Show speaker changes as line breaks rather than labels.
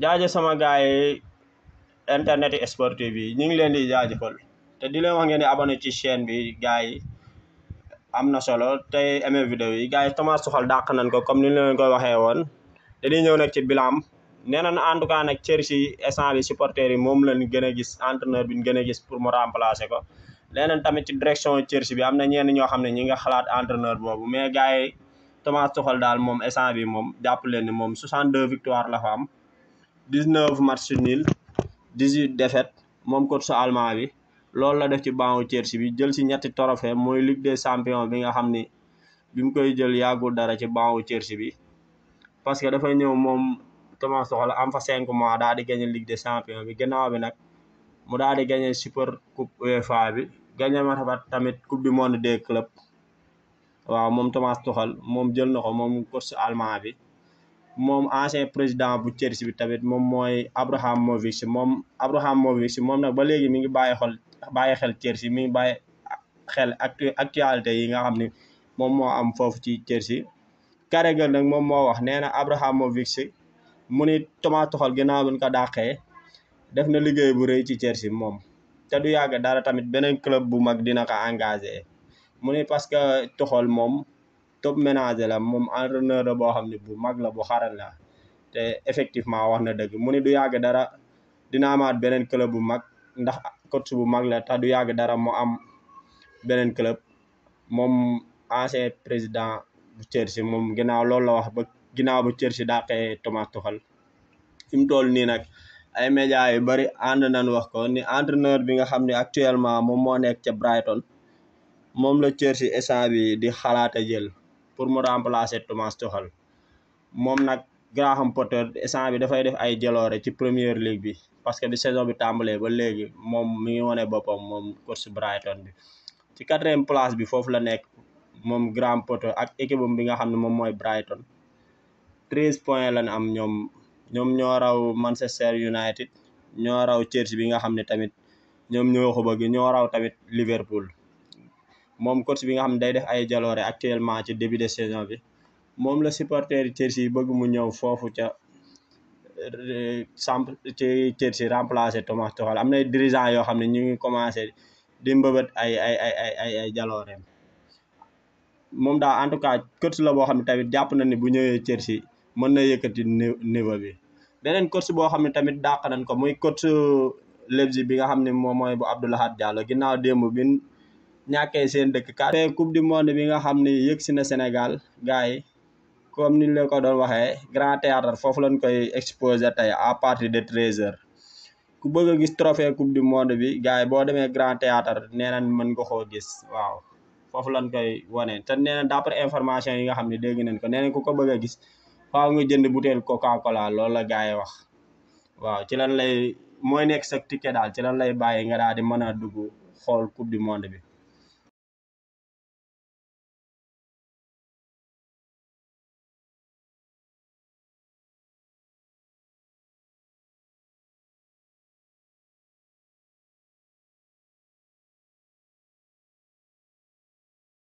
jaaje sama gars yi internet sportif yi ñu ngi leen di jaajëfal te di leen wax ngeen di abonné ci chaîne bi gars yi am na solo tey amee vidéo yi gars yi Thomas Tuchel dàq nañ ko comme ni leen ko waxee woon dañuy ñëw na ci bilam nee na en tout cas nag Chelsea essence bi supporters yi moom lañ gën a gis entraîneur bi ñu gën a gis pour mu remplacer ko leneen tamit ci direction Chelsea bi am na ñenn ñoo xam ne ñi nga xalaat entraîneur boobu mais gars yi Thomas Tuchel daal moom essence bi moom jàpp leen ni moom 62 victoire la fa am 19 match nul 18 défaite moom coach su allemand bi loolu la def ci banc Chelsea bi jël si ñetti trophée mooy Ligue des champions bi nga xam ni bi mu koy jël yàggul dara ci banc Chelsea bi parce que dafa ñëw moom Thomas Tuchel am fa 5 mois daal di gagné Ligue des champions bi gannaaw bi nag mu daal di gagné super coupe UEFA bi gagné ma tamit coupe bi monde des clubs waaw moom Thomas Tuchel moom jël na ko moom coach allemand bi. moom ancien président bu Chelsea bi tamit moom mooy Abramovich moom Abramovich moom nag ba léegi mi ngi bàyyi xol bàyyi xel Chelsea mi ngi bàyyi xel actualité yi nga xam ni moom moo am foofu ci Chelsea Carragher nag moom moo wax nee na Abramovich mu ni Thomas Tuchel ginnaaw buñ ko dàqee def na liggéey bu rëy ci Chelsea moom te du yàgg dara tamit beneen club bu mag dina ko engagé mu ni parce que Tuchel moom top ménager la moom entraîneur la boo xam ne bu mag la bu xarañ la te effectivement wax na dëgg mu ni du yàgg dara dina amaat beneen club bu mag ndax coach bu mag la ta du yàgg dara mu am beneen club moom ancien président bu Chelsea moom ginnaaw loolu la wax ba ginnaaw ba Chelsea dàqee Thomas Tuchel fi mu toll nii nag ay médias yu bëri ànd nañ wax ko ni entraîneur bi nga xam ne actuellement moom moo nekk ca Brighton moom la Chelsea instant bi di xalaat a jël pour mu remplacer Thomas Tuchel moom nag Graham Potter instant bi dafay def ay jaloore ci Premier League bi parce que bi saison bi tàmbalee ba léegi moom mi ngi wone boppam moom coach bi ci quatrième place bi foofu la nekk moom Graham Potter ak équipe bi nga xam ne moom mooy Brighton treize la ne am ñoom ñoom ñoo raw Manchester United ñoo raw Chelsea bi nga xam ne tamit ñoom ñoo ko bëgg ñoo tamit Liverpool moom coach bi nga xam ne day def ay jaloore actuellement ci début de saison bi moom la supporter Chelsea bëgg mu ñëw foofu ca samp euh, ci Chelsea remplacer Thomas Tuchel am na nay dirigeant yoo xam ne ñu ngi commencé di mbëbët ay ay ay ay ay ay moom daal en tout cas coach la boo xam ne tamit jàpp na ni bu ñëwee Chelsea mën na yëkkati niveau bi deneen coach boo xam ne tamit dàq nañ ko muy coach Leipzig bi nga xam ne moom mooy bu Abdoulaye Diallo ginnaaw démb bin ñàkkee seen dëkk kat mais coupe du monde bi nga xam ni yëg si na Sénégal gars yi comme ni la ko doon waxee grand théâtre foofu lañ koy exposé tey à partir de treize heures ku bëgg a gis trophée coupe du monde bi gars yi boo demee grand théâtre nee nañ mën nga koo gis waaw foofu lañ koy wane te nee na d'après information yi nga xam ne dégg nañ ko nee nañ ku ko bëgg a gis faaw nga jënd butéel coca cola loolu la gars yi wax waaw ci lan lay mooy nekk sa daal ci lan lay bàyyi nga daal di mën a dugg xool coupe du monde bi